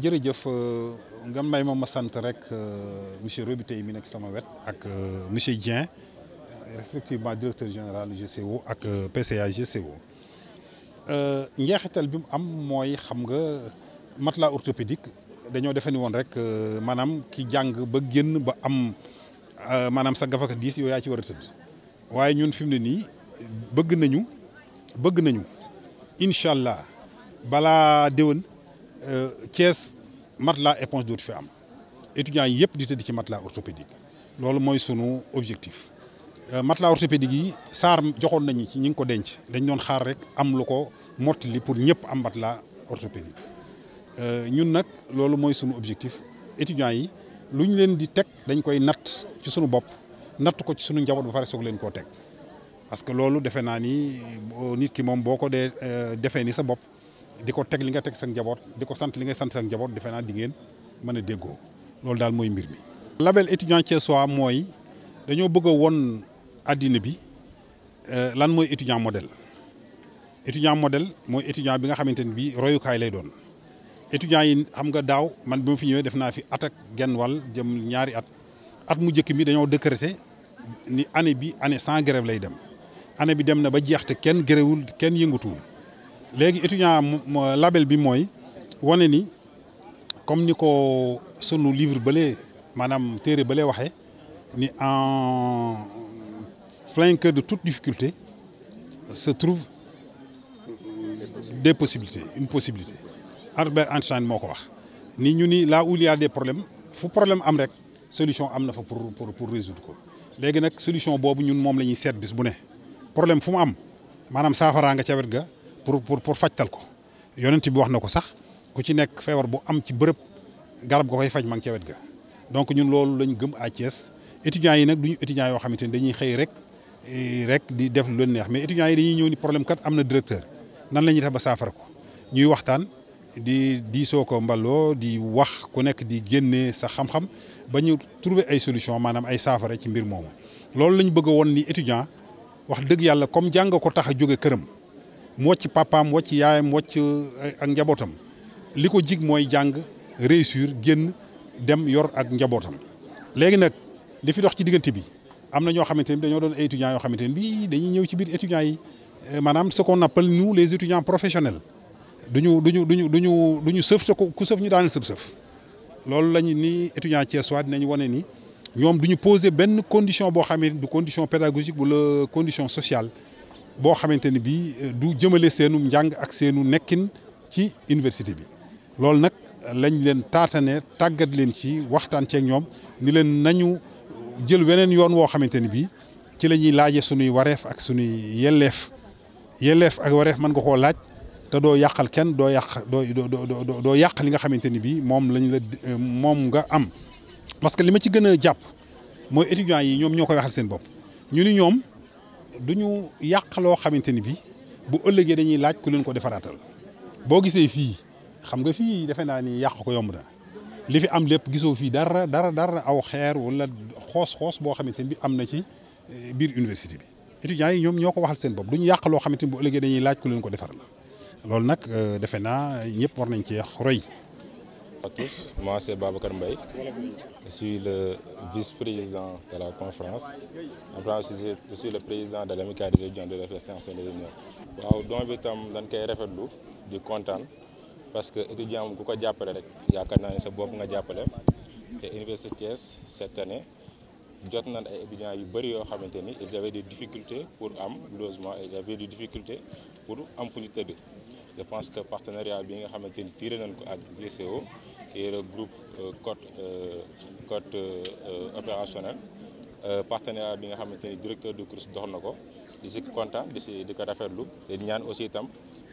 jërëjëf euh, nga may ma ma sant rek euh, monsieur Robitaille mi nekk sama wet ak euh, monsieur Dieng respectivement directeur général GCO ak PCA GCO njeexital bi mu am mooy xam nga matelas orthopédique dañoo defe ni woon rek maanaam ki jàng ba génn ba am maanaam sa gafaka diis yow yaa ci war a tëdd waaye ñun fi mu ne nii bëgg nañu bëgg nañu incha allah balaa déwén Thiès matelas éponge dootu fi am étudiants yi yëpp di tëdd ci matelas orthopédique loolu mooy sunu objectif. Euh, matelas orthopédique yi SAR joxoon nañu ci ñi ngi ko denc dañ doon xaar rek am lu ko mottali pour ñëpp am matelas orthopédique euh, ñun nag loolu mooy sunu objectif étudiants yi lu ñu leen di teg dañ koy natt ci sunu bopp natt ko ci sunu njaboot ba pare soog leen koo teg parce que loolu defe naa ni euh, nit ki moom boo ko dee defee ni sa bopp. di ko teg li nga teg seen njaboot di ko sant li nga sant seen njaboot defe naa di ngeen mën a déggoo loolu daal mooy mbir mi. label étudiant thiessois mooy dañoo bëgg a won àddina bi euh, lan mooy étudiant modèle étudiant modèle mooy étudiant bi nga xamante ne bii royukaay lay doon. étudiants yi xam nga daaw man bi ma fi ñëwee def naa fi at ak genn wàll jëm ñaari at at mu njëkk mi dañoo décréter ni année bi année sans grève lay dem année bi dem na ba jeex kenn gréwul kenn yëngatuwul léegi étudiant label bi mooy wane ni comme ni ko sunu livre bële maanaam téere bële waxee ni en plein cœur de toute difficulté se trouve des possibilités une possibilité Albert Einstein moo ko wax ni ñu ni là où il des problèmes fu problème am rek solution am na fa pour pour pour résoudre ko léegi nag solution boobu ñun moom la ñuy seet bis bu ne problème fu mu am maanaam saafara nga ca ga pour pour pour fajtal ko yonent bi wax na ko sax ku ci nekk feebar bu am ci bërëb garab ga koy faj ma ngi ca wet ga donc ñun loolu lañ gëm à Thiès étudiants yi nag du ñu étudiants yoo xamante ni dañuy xëy rek eh, rek di def lu neex mais étudiants yi dañuy ñëw ni problème kat am na directeur nan la ñuy def ba saafara ko ñuy waxtaan di diisoo ko mbaloo di wax ku nekk di génnee sa xam-xam ba ñu trouver ay solution maanaam ay saafara ci mbir moomu. loolu la ñu bëgg woon ni étudiant wax dëgg yàlla comme jàng ko tax a jóge këram. mu wàcc papaam wàcc yaayam wàcc eh, ak njabootam li ko jig mooy jàng réussir génn dem yor ak njabootam léegi nag li fi dox ci diggante bi am na ñoo xamante ni dañoo doon ay étudiants yoo xamante ni bii dañuy ñëw ci biir étudiants yi eh, maanaam ce qu'on appelle nous les étudiants professionnels du ñu duñu ñu duñu sëf te ku sëf ñu daaneel sëf-sëf loolu lañu ni étudiants Thiès waa dinañ wane ni ñoom du ñu poser benn condition boo xamee du condition pédagogique la condition sociale boo xamante ni bii euh, du jëmale seenu njàng ak seenu nekkin ci université bi loolu nag lañ leen taatane tàggat leen ci waxtaan ceeg ñoom ni leen nañu jël weneen yoon woo xamante ni bii ci la ñuy laaje sunuy wareef ak sunuy yelleef yelleef ak wareef mën nga koo laaj te doo yàqal kenn doo yàq doo doo doo yàq li nga xamante ni bii moom lañ la euh, moom nga am parce que li ma ci gën a jàpp mooy étudiants yi ñoom ñoo koy waxal seen bopp ñu ni du ñu yàq loo xamante ni bi bu ëllëgee dañuy laaj ku leen ko defaraatal boo gisee fii xam nga fii defe naa ni yàq ko yomb na li fi am lépp gisoo fii dara dara dara aw xeer wala xoos-xoos boo xamante ni bi am na ci eh, biir université bi étudiants yi ñoom ñoo ko waxal seen bopp du ñu yàq loo xamante ni bu ëllëgee dañuy laaj ku leen ko defaral loolu nag euh, defe naa ñëpp war nañ cee roy à tous. Moi, c'est Babacar Mbaye. Je suis le vice-président de la conférence. Après, je le président de l'amicale des étudiants de la sciences et des waaw don bi tam dañ koy lu di kontaan parce que étudiant moom ku ko jàppale rek yaakaar naa ne sa boobu nga jàppale te Université Thiès cette année jot na ay étudiants yu bëri yoo xamante ni ils avaient des difficultés pour am logement ils avaient des pour am fu ñu tëdd je pense que partenariat bi nga xamante ni tiré nañ ko ak GCO qui est le groupe euh, côte euh, côte euh, opérationnel partenariat bi nga xamante ni directeur du CROUS dox na ko di si kontaan di si di ko rafetlu te ñaan aussi itam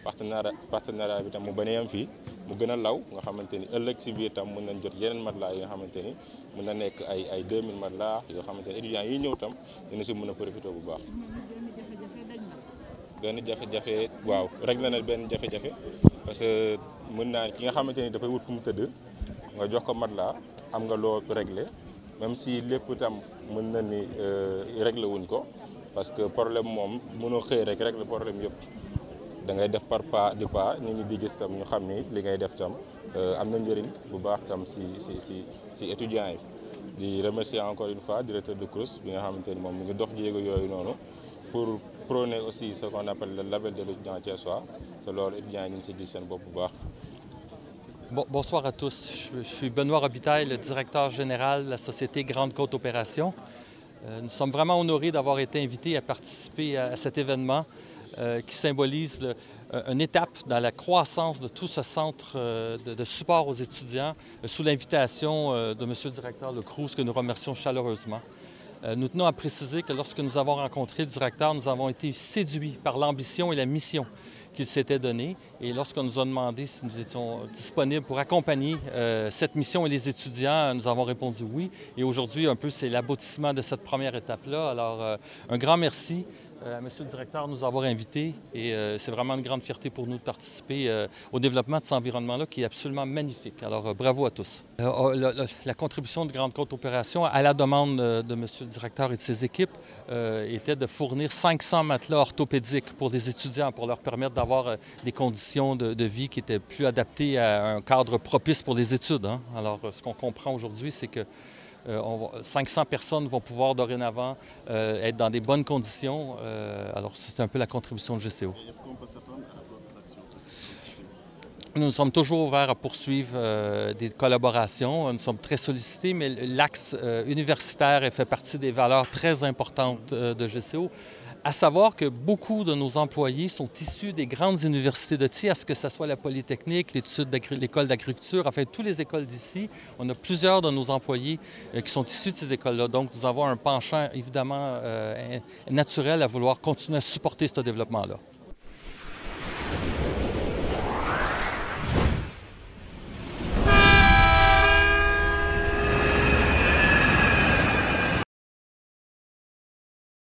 partenariat partenariat bi tam mu bañ am fii mu gën a law nga xamante ni ëllëg si biir tam mën nañ jot yeneen laa yi nga xamante ni mën na nekk ay ay 2000 laa yoo xamante ni étudiants yi ñëw tam dina si mën a profité bu baax. benn jafe-jafe waaw rek na benn jafe-jafe. parce que mën naa ki nga xamante ni dafay wut fu mu tëdd nga jox ko mat matelas am nga loo réglé même si lépp itam mën na ni euh, réglé wuñ ko parce que problème moom mënoo xëy rek réglé problème yëpp da ngay def par pa di pas nit ñi di gis tam ñu xam ni li ngay def tam euh, am na njëriñ bu baax tam si si si si étudiants yi di remercier encore une fois directeur de course bi nga xamante ni moom mu ngi dox jéego yooyu noonu pour prôner aussi ce qu'on appelle le label de l'étudiant thiessois te loolu étudiants yi ñu seen bopp bu baax. Bon, bonsoir à tous. Je, je suis Benoît Robitaille, le directeur général de la société Grande Côte Opération. Euh, nous sommes vraiment honorés d'avoir été invités à participer à, à cet événement euh, qui symbolise le, une étape dans la croissance de tout ce centre euh, de, de, support aux étudiants euh, sous l'invitation euh, de M. le directeur Le Cruz, que nous remercions chaleureusement. Euh, nous tenons à préciser que lorsque nous avons rencontré le nous avons été séduits par l'ambition et la mission qu'il s'était donnée. Et lorsqu'on nous a demandé si nous étions disponibles pour accompagner euh, cette mission et les étudiants, nous avons répondu oui. Et aujourd'hui, un peu, c'est l'aboutissement de cette première étape-là. Euh, un grand merci à euh, Monsieur le directeur de nous avoir invités et euh, c'est vraiment une grande fierté pour nous de participer euh, au développement de cet environnement-là qui est absolument magnifique. Alors euh, bravo à tous. La, oh, la, la, contribution de Grande Côte Opération à la demande de Monsieur le directeur et de ses équipes était de fournir matelas orthopédiques pour les étudiants pour leur permettre d'avoir des conditions de, vie qui étaient plus adaptées à un cadre propice pour les études. Euh, on va, 500 personnes vont pouvoir dorénavant euh, être dans des bonnes conditions. Euh, alors, c'est un peu la contribution de GCO. est Nous sommes toujours ouverts à poursuivre des collaborations. Nous sommes très sollicités, mais l'axe euh, universitaire fait partie des valeurs très importantes de GCO. à savoir que beaucoup de nos employés sont issus des grandes universités de tiers, que ce soit la Polytechnique, l'école d'agriculture, enfin, toutes les écoles d'ici. On a plusieurs de nos employés euh, qui sont issus de ces écoles-là. Donc, nous avons un penchant, évidemment, euh, naturel à vouloir continuer à supporter ce développement-là.